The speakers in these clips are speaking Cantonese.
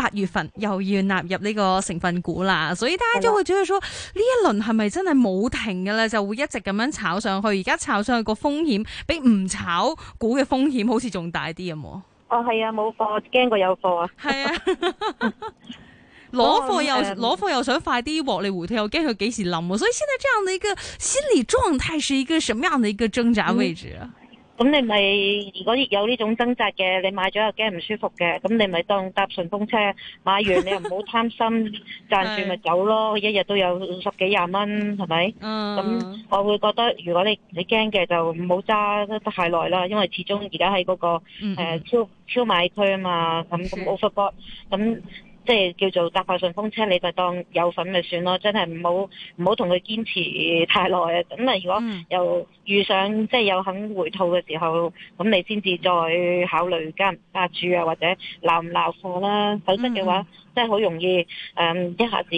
八月份又要納入呢個成分股啦，所以大家就會覺得說呢一輪係咪真係冇停㗎喇，就會一直咁樣炒上去。而家炒上去個風險，比唔炒股嘅風險好似仲大啲咁。哦，係啊，冇貨我驚過有貨啊。係 是啊，攞 貨又攞貨、嗯、又想快啲獲利回吐，又驚佢幾時冧。所以現在這樣的一個心理狀態是一個什麼樣的一個掙扎位置啊？嗯咁你咪，如果有呢種掙扎嘅，你買咗又驚唔舒服嘅，咁你咪當搭順風車買完，你又唔好貪心，賺住咪走咯，一日都有十幾廿蚊，係咪？咁、uh. 我會覺得，如果你你驚嘅就唔好揸得太耐啦，因為始終而家喺嗰個、mm hmm. 呃、超超買區啊嘛，咁咁 overboard，咁。即係叫做搭下順風車，你就當有份咪算咯，真係唔好唔好同佢堅持太耐啊。咁啊，如果又遇上即係有肯回吐嘅時候，咁你先至再考慮加唔加注啊，或者鬧唔鬧貨啦、啊。否則嘅話，真係好容易誒、嗯、一下子。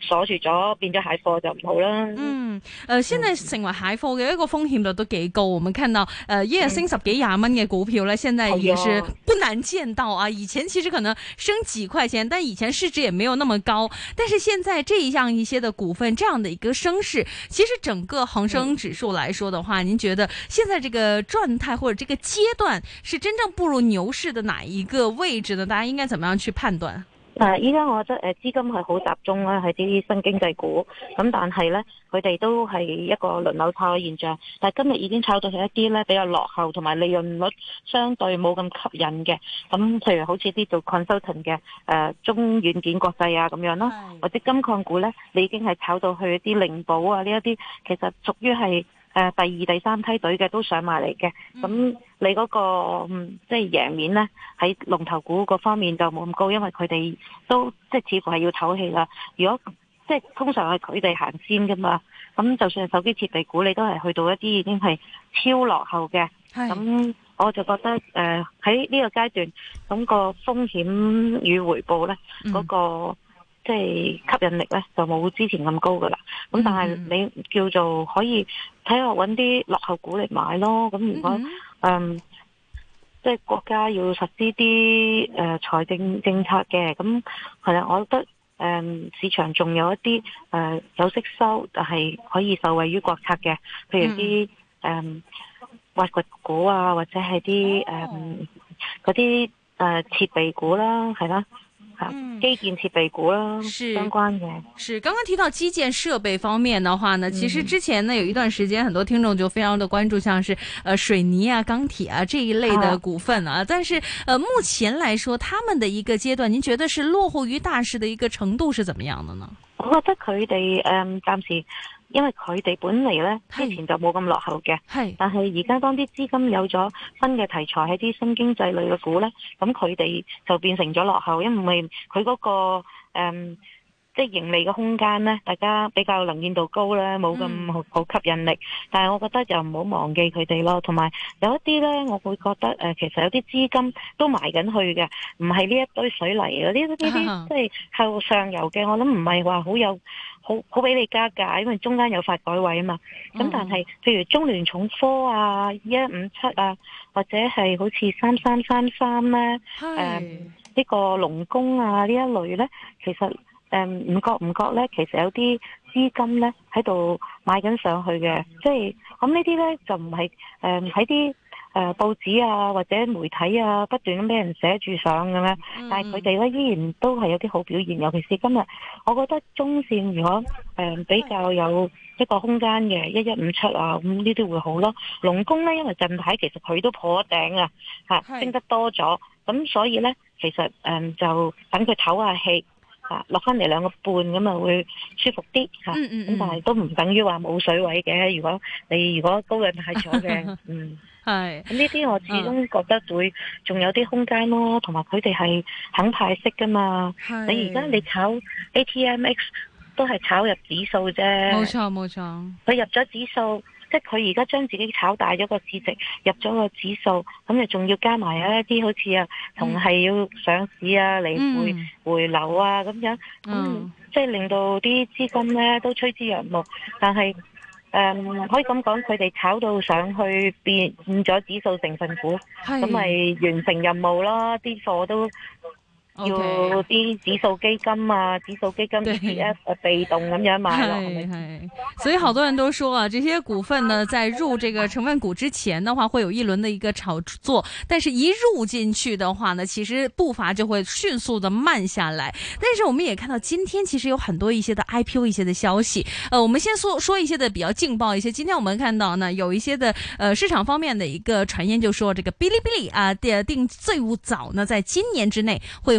鎖住咗，變咗蟹貨就唔好啦。嗯，呃，先在成為蟹貨嘅一個風險率都幾高。我 k 看到，呃，一日升十幾廿蚊嘅股票呢，現在也是不難見到啊。以前其實可能升幾塊錢，但以前市值也沒有那麼高。但是現在這樣一些嘅股份，這樣的一個升勢，其實整個恆生指數來說的話，嗯、您覺得現在這個狀態或者這個階段，是真正步入牛市的哪一個位置呢？大家應該怎麼樣去判斷？但係依家我覺得誒資金係好集中咧，喺啲新經濟股。咁但係咧，佢哋都係一個輪流炒嘅現象。但係今日已經炒到係一啲咧，比較落後同埋利潤率相對冇咁吸引嘅。咁譬如好似啲做 consultant 嘅誒、呃、中軟件國際啊咁樣啦，或者金礦股咧，你已經係炒到去一啲靈寶啊呢一啲，其實屬於係。誒第二、第三梯隊嘅都上埋嚟嘅，咁、嗯、你嗰、那個即係、就是、贏面咧，喺龍頭股嗰方面就冇咁高，因為佢哋都即係、就是、似乎係要唞氣啦。如果即係、就是、通常係佢哋行先噶嘛，咁就算手機設備股，你都係去到一啲已經係超落後嘅。咁是我就覺得誒喺呢個階段，咁、那個風險與回報咧，嗰、嗯那個。即係吸引力呢，就冇之前咁高噶啦。咁但係你叫做可以睇下揾啲落後股嚟買咯。咁如果嗯，哼嗯，即、就、係、是、國家要實施啲誒財政政策嘅，咁係啊，我覺得誒、嗯、市場仲有一啲誒、呃、有息收，但係可以受惠於國策嘅，譬如啲誒、嗯嗯、挖掘股啊，或者係啲誒嗰啲誒設備股啦、啊，係啦。基建設備股啦，相關嘅。是，剛剛提到基建設備方面的話呢，其實之前呢有一段時間，很多聽眾就非常的關注，像是，呃，水泥啊、鋼鐵啊這一類的股份啊。但是，呃，目前來說，他們的一個階段，您覺得是落後於大市的一個程度是怎麼樣的呢？我覺得佢哋，嗯、呃、暫時。因為佢哋本嚟呢，之前就冇咁落後嘅，是但係而家當啲資金有咗新嘅題材喺啲新經濟類嘅股呢，咁佢哋就變成咗落後，因為佢嗰、嗰個、嗯即係盈利嘅空間呢，大家比較能見度高啦，冇咁好吸引力。嗯、但係我覺得就唔好忘記佢哋咯。同埋有，有一啲呢，我會覺得誒、呃，其實有啲資金都埋緊去嘅，唔係呢一堆水泥呢啲，即係後上游嘅。我諗唔係話好有好好俾你加價，因為中間有發改委啊嘛。咁、嗯、但係譬如中聯重科啊、一五七啊，或者係好似三三三三咧，誒呢是、嗯呢個龍工啊呢一類呢，其實。誒唔、嗯、覺唔覺咧，其實有啲資金咧喺度買緊上去嘅，嗯、即係咁、嗯、呢啲咧就唔係誒喺啲誒報紙啊或者媒體啊不斷咁俾人寫住上嘅咧，嗯、但係佢哋咧依然都係有啲好表現，尤其是今日，我覺得中線如果誒、呃、比較有一個空間嘅一一五七啊，咁呢啲會好咯。龍工咧，因為近排其實佢都破頂啊，是升得多咗，咁所以咧其實誒、呃、就等佢唞下氣。落翻嚟兩個半咁啊，會舒服啲吓。咁、嗯嗯嗯、但係都唔等於話冇水位嘅。如果你，你如果高位太坐嘅， 嗯係咁呢啲我始終覺得會仲有啲空間咯。同埋佢哋係肯派息㗎嘛。是 你而家你炒 ATMX 都係炒入指數啫。冇錯冇錯，佢入咗指數。即係佢而家將自己炒大咗個市值，入咗個指數，咁你仲要加埋一啲好似啊，同係要上市啊，嚟回、嗯、回流啊咁樣、嗯，嗯即係令到啲資金咧都趨之若鶩。但係誒，可以咁講，佢哋炒到上去變咗指數成分股，咁咪是完成任務囉，啲貨都。有啲指數基金啊，okay, 指數基金嘅 D、F、被動咁樣買咯對。所以好多人都說啊，這些股份呢，在入這個成分股之前的話，會有一輪的一個炒作，但是一入進去的話呢，其實步伐就會迅速的慢下來。但是我們也看到今天其實有很多一些的 I P O 一些的消息。呃，我們先說說一些的比較勁爆一些。今天我們看到呢，有一些的，呃，市場方面的一個傳言，就說這個嗶哩嗶哩啊，定定最早呢，在今年之內會。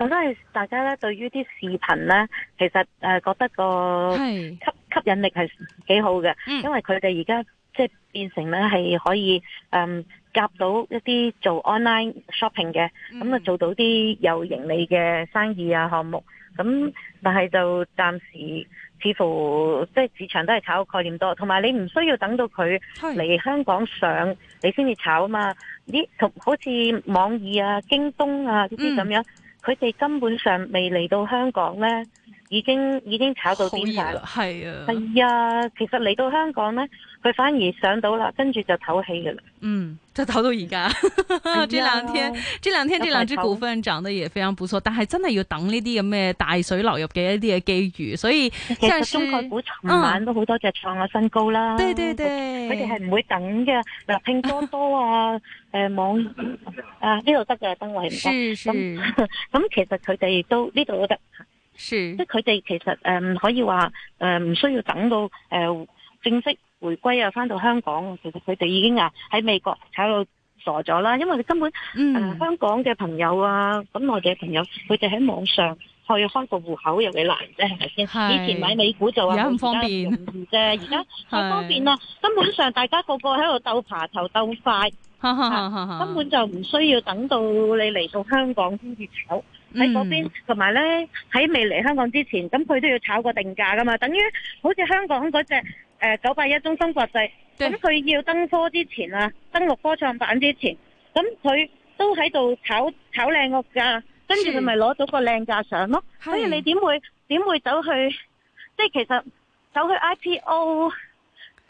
我都係大家咧，對於啲視頻咧，其實誒覺得個吸吸引力係幾好嘅。嗯、因為佢哋而家即係變成咧係可以誒夾、嗯、到一啲做 online shopping 嘅，咁啊、嗯、做到啲有盈利嘅生意啊項目。咁但係就暫時似乎即係市場都係炒概念多，同埋你唔需要等到佢嚟香港上是你先至炒啊嘛。咦同好似網易啊、京東啊呢啲咁樣。嗯佢哋根本上未嚟到香港咧。已經已經炒到癲晒啦，係啊，係啊，其實嚟到香港咧，佢反而上到啦，跟住就唞氣噶啦，嗯，就唞到而家。呢、 啊、兩天，這兩天，這兩隻股份漲得也非常不錯，但係真係要等呢啲咁嘅大水流入嘅一啲嘅機遇。所以，其實中概股尋晚都好多隻創下新高啦、嗯。對對對，佢哋係唔會等嘅。嗱，拼多多啊，誒、 呃，網啊呢度得嘅燈位，咁咁是、嗯嗯、其實佢哋都呢度都得。即係佢哋其實誒，唔、嗯、可以話誒，唔、嗯、需要等到誒、呃、正式回歸啊，翻到香港，其實佢哋已經啊喺美國炒到傻咗啦。因為根本嗯、呃、香港嘅朋友啊，咁內地嘅朋友，佢哋喺網上去開個戶口又幾難啫。係咪先？是以前買美股就話咁，而家容易啫。而家好方便咯。便啊、是根本上大家個個喺度鬥爬頭鬥快 、啊，根本就唔需要等到你嚟到香港先至炒。喺嗰邊，同埋咧喺未嚟香港之前，咁佢都要炒個定價噶嘛，等於好似香港嗰隻誒九八一中芯國際，咁佢對要登科之前啊，登陸科創板之前，咁佢都喺度炒炒靚個價，跟住佢咪攞到個靚價上咯，是所以你點會點會走去，即係其實走去 IPO。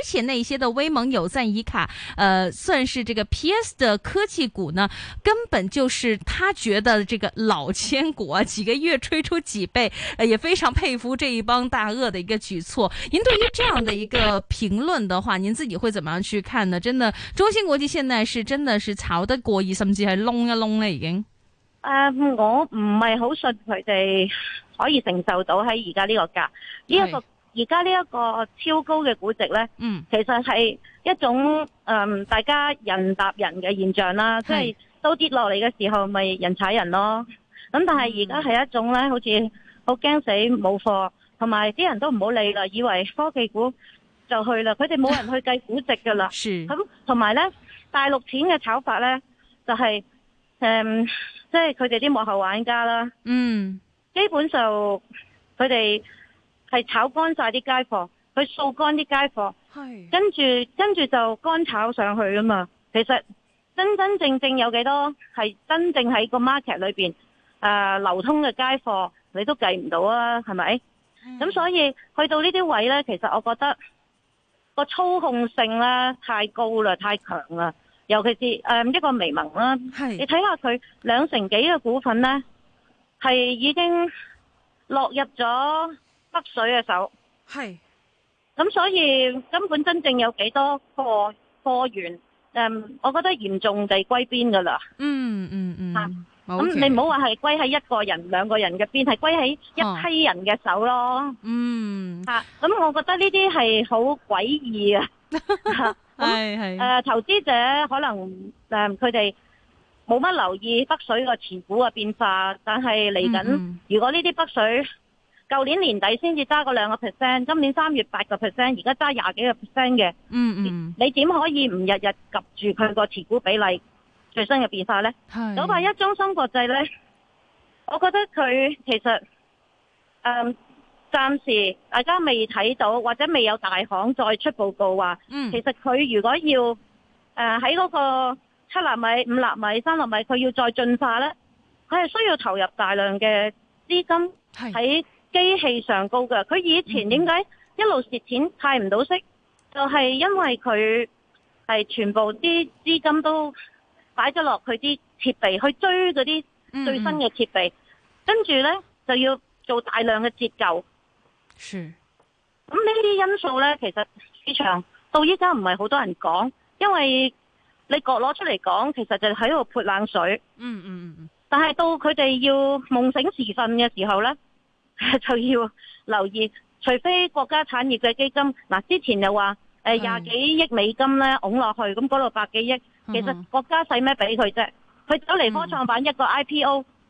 而且那些的威猛有贊以卡，呃，算是這個 PS 的科技股呢，根本就是他覺得這個老千股啊，幾個月吹出幾倍，呃，也非常佩服這一幫大鰐的一個舉措。您對於這樣的一個評論的話， 您自己會怎麼樣去看呢？真的，中芯國際現在是真的是炒得過億，甚至還隆一隆了已經。呃，um, 我唔係好信佢哋可以承受到喺而家呢個價呢一個。而家呢一個超高嘅估值呢，嗯、其實係一種誒、呃，大家人踏人嘅現象啦。即係是都跌落嚟嘅時候，咪人踩人咯。咁、嗯、但係而家係一種呢，好似好驚死冇貨，同埋啲人都唔好理啦，以為科技股就去啦。佢哋冇人去計估值噶啦。咁是，同埋、嗯、呢大陸錢嘅炒法呢，就係、是、誒、嗯，即係佢哋啲幕後玩家啦。嗯，基本上佢哋。係炒乾曬啲街貨，佢掃乾啲街貨是的，跟住跟住就乾炒上去啊嘛！其實真真正正有幾多係真正喺個 market 裏面誒、呃、流通嘅街貨，你都計唔到啊，係咪？咁是的 所以去到呢啲位咧，其實我覺得、這個操控性咧太高啦，太強啦，尤其是誒、呃、一個微盟啦，是的 你睇下佢兩成幾嘅股份咧，係已經落入咗。北水嘅手係，咁是、嗯、所以根本真正有幾多個貨源？誒、嗯，我覺得嚴重就係歸邊噶啦。嗯嗯嗯。吓、啊，咁奇、嗯、你唔好話係歸喺一個人、兩個人嘅邊，係歸喺一批人嘅手咯。嗯，吓、啊，咁、嗯、我覺得呢啲係好詭異啊。係係。 誒是、啊，投資者可能誒，佢哋冇乜留意北水嘅持股嘅變化，但係嚟緊，嗯嗯如果呢啲北水，舊年年底先至揸個兩個 percent，今年三月八個 percent，而家揸廿幾個 percent 嘅。嗯嗯，你點可以唔日日及住佢個持股比例最新嘅變化呢？九八是一中芯國際呢，我覺得佢其實誒，暫、嗯、時大家未睇到，或者未有大行再出報告話，嗯、其實佢如果要誒喺嗰個七納米、五納米、三納米，佢要再進化呢，佢係需要投入大量嘅資金喺。機器上高嘅，佢以前點解，嗯嗯、一路蝕錢派唔到息，就係、是、因為佢係全部啲資金都擺咗落佢啲設備去追嗰啲最新嘅設備，跟住、嗯嗯、呢，就要做大量嘅折舊。咁呢啲因素呢，其實市場到依家唔係好多人講，因為你各攞出嚟講，其實就喺度潑冷水。嗯嗯嗯，但係到佢哋要夢醒時分嘅時候呢。 就要留意，除非國家產業嘅基金，嗱之前又話誒廿幾億美金咧拱落去，咁嗰度百幾億，其實國家使咩俾佢啫？佢走嚟科創板一個 IPO。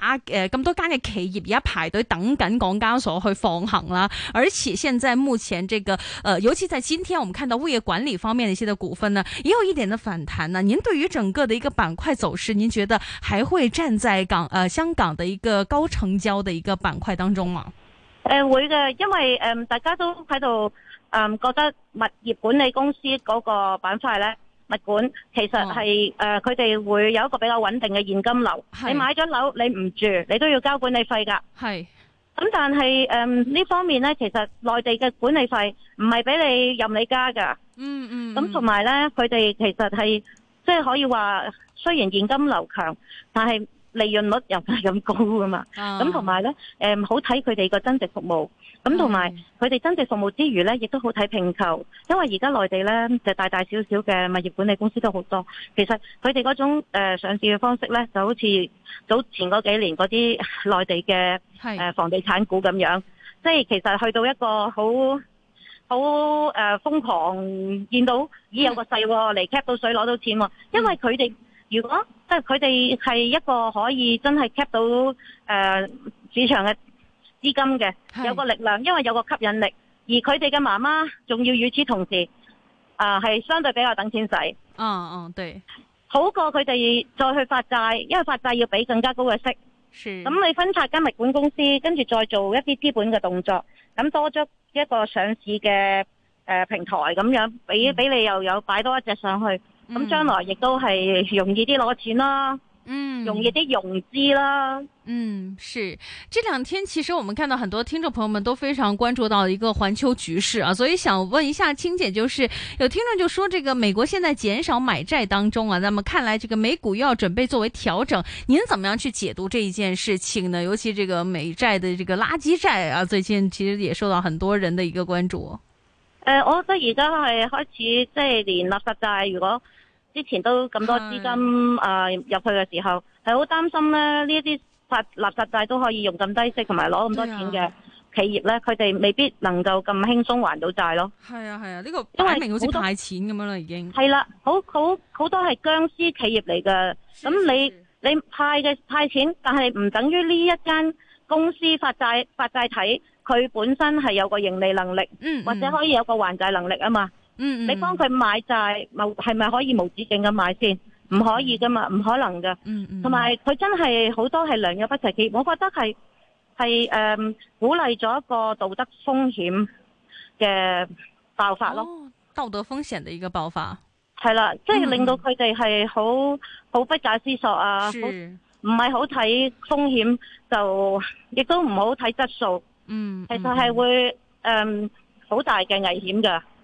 啊誒，咁多間嘅企業而家排隊等緊港交所去放行啦，而且現在目前這個誒、呃，尤其在今天我們看到物業管理方面的一些的股份呢，也有一點的反彈呢、啊。您對於整個的一個板塊走勢，您覺得還會站在港誒、呃、香港的一個高成交的一個板塊當中嗎？誒、呃、會嘅，因為誒、呃、大家都喺度誒覺得物業管理公司嗰個板塊咧。物管其實係誒，佢哋、哦呃、會有一個比較穩定嘅現金流。是你買咗樓，你唔住，你都要交管理費㗎。係是。咁但係誒呢方面呢，其實內地嘅管理費唔係俾你任你加㗎。嗯嗯。咁同埋呢，佢哋其實係即係可以話，雖然現金流強，但係，利潤率又唔係咁高㗎嘛，咁同埋呢，嗯、好睇佢哋個增值服務，咁同埋佢哋增值服務之餘呢，亦都好睇併購，因為而家內地呢，就大大小小嘅物業管理公司都好多，其實佢哋嗰種、呃、上市嘅方式呢，就好似早前嗰幾年嗰啲內地嘅、呃、房地產股咁樣，即係其實去到一個好好瘋狂，見到已有個勢嚟、嗯、cap 到水攞到錢、啊，因為佢哋如果。即係佢哋係一個可以真係 cap 到誒、呃、市場嘅資金嘅，是有個力量，因為有個吸引力。而佢哋嘅媽媽仲要與此同時，啊、呃、係相對比較等錢使。嗯，嗯對，好過佢哋再去發債，因為發債要俾更加高嘅息。是。咁你分拆間物管公司，跟住再做一啲資本嘅動作，咁多咗一個上市嘅誒、呃、平台咁樣，俾俾你又有擺多一隻上去。咁、嗯、將來亦都係容易啲攞錢啦，嗯，容易啲融資啦，嗯，是。這兩天其實我們看到很多聽眾朋友們都非常關注到一個環球局勢啊，所以想問一下青姐，就是有聽眾就說，這個美國現在減少買債當中啊，那麼看來這個美股又要準備作為調整，您怎麼樣去解讀這一件事情呢？尤其這個美債的這個垃圾債啊，最近其實也受到很多人的一個關注。呃我覺得而家係開始即係連垃圾債，如果之前都咁多資金啊入去嘅時候，係好、啊、擔心咧，呢一啲發垃圾債都可以用咁低息同埋攞咁多錢嘅企業咧，佢哋，啊、未必能夠咁輕鬆還到債咯。係啊係啊，呢，啊，個都係擺明好似派錢咁樣啦，已經係啦，啊，好好好多係僵屍企業嚟嘅。咁你你派嘅派錢，但係唔等於呢一間公司發債發債體，佢本身係有個盈利能力，或者可以有個還債能力啊嘛。嗯嗯嗯，嗯，你幫佢買債，係係咪可以無止境咁買先？唔可以噶嘛，唔可能㗎。嗯，嗯嗯。同埋佢真係好多係良莠不齊結，我覺得係係誒鼓勵咗一個道德風險嘅爆發咯、哦。道德風險嘅一個爆發。係啦，即係令到佢哋係好好不假思索啊，唔係好睇風險就亦都唔好睇質素。嗯，嗯，嗯，其實係會誒好、呃、大嘅危險㗎。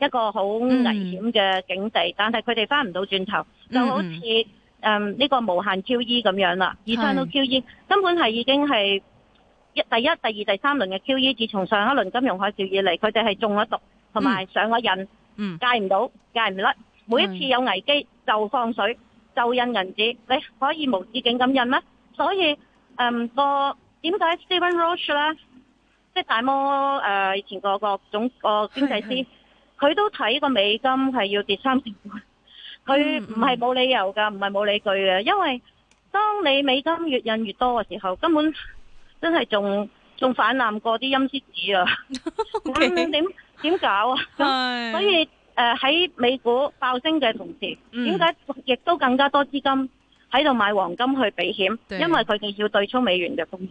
一個好危險嘅境地，嗯、但係佢哋翻唔到轉頭，就好似誒呢個無限 QE 咁樣啦，而翻到 QE 根本係已經係一第一、第二、第三輪嘅 QE，自從上一輪金融海嘯以嚟，佢哋係中咗毒，同埋上咗癮、嗯，戒唔到，戒唔甩。每一次有危機、嗯、就放水，就印銀紙，是你可以無止境咁印咩？所以誒、嗯那個點解 Stephen Roach 呢？即、就、係、是、大摩誒、呃、以前、那個、那個總、那個經濟師？佢都睇個美金係要跌三成半，佢唔係冇理由㗎，唔係冇理據嘅，嗯、因為當你美金越印越多嘅時候，根本真係仲仲氾濫過啲陰司紙啊 okay，嗯！咁樣點點搞啊？是所以喺、呃、美股爆升嘅同時，點解亦都更加多資金喺度買黃金去避險？對因為佢哋要對沖美元嘅風險。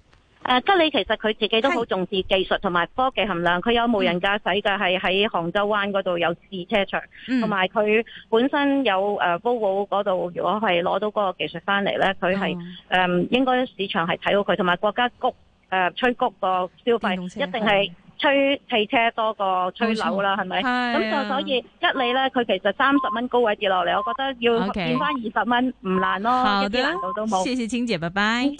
吉利其實佢自己都好重視技術同埋科技含量，佢有無人駕駛嘅，係喺杭州灣嗰度有試車場，同埋佢本身有誒 Volvo 嗰度如果係攞到嗰個技術翻嚟呢，佢係誒，應該市場係睇到佢，同埋國家谷誒，催谷嗰消費一定係催汽車多過催樓啦，係咪？咁就所以吉利呢，佢其實三十蚊高位跌落嚟，我覺得要跌翻二十蚊唔難咯，一啲難度都冇。謝謝青姐，拜拜。